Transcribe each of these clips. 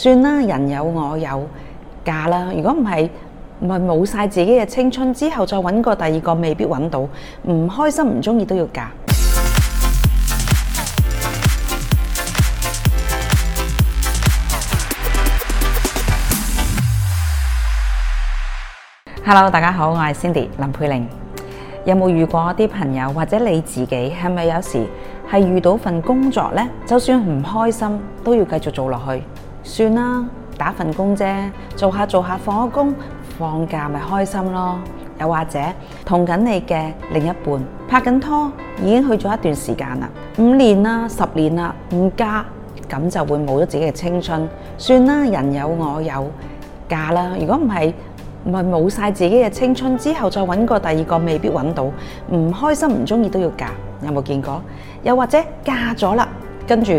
算啦，人有我有嫁啦。如果唔係，唔咪冇晒自己嘅青春之後，再揾個第二個未必揾到。唔開心唔中意都要嫁。Hello，大家好，我係 Cindy 林佩玲。有冇遇過啲朋友或者你自己，係咪有時係遇到份工作呢？就算唔開心，都要繼續做落去。算啦，打份工啫，做下做下放工，放假咪開心咯。又或者同緊你嘅另一半拍緊拖，已經去咗一段時間啦，五年啦，十年啦，唔嫁，咁就會冇咗自己嘅青春。算啦，人有我有，嫁啦。如果唔係，唔咪冇晒自己嘅青春之後再揾個第二個，未必揾到。唔開心唔中意都要嫁，有冇見過？又或者嫁咗啦，跟住。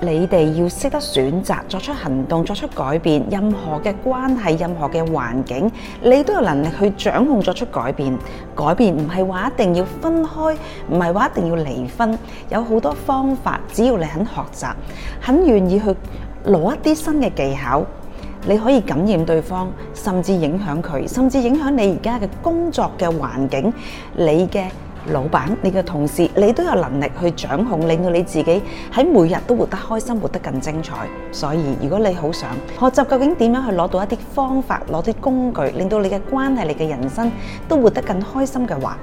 你哋要識得選擇，作出行動，作出改變。任何嘅關係，任何嘅環境，你都有能力去掌控，作出改變。改變唔係話一定要分開，唔係話一定要離婚。有好多方法，只要你肯學習，肯願意去攞一啲新嘅技巧，你可以感染對方，甚至影響佢，甚至影響你而家嘅工作嘅環境。你嘅。老闆，你嘅同事，你都有能力去掌控，令到你自己喺每日都活得開心，活得更精彩。所以如果你好想學習究竟點樣去攞到一啲方法，攞啲工具，令到你嘅關係、你嘅人生都活得更開心嘅話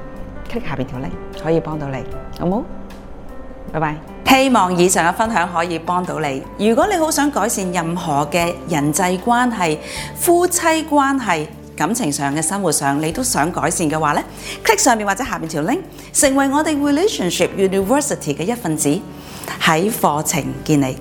，click 下邊條 link 可以幫到你，好唔好？拜拜。希望以上嘅分享可以幫到你。如果你好想改善任何嘅人際關係、夫妻關係，感情上嘅生活上，你都想改善嘅話咧，click 上面或者下面條 link，成為我哋 Relationship University 嘅一份子，喺課程見你。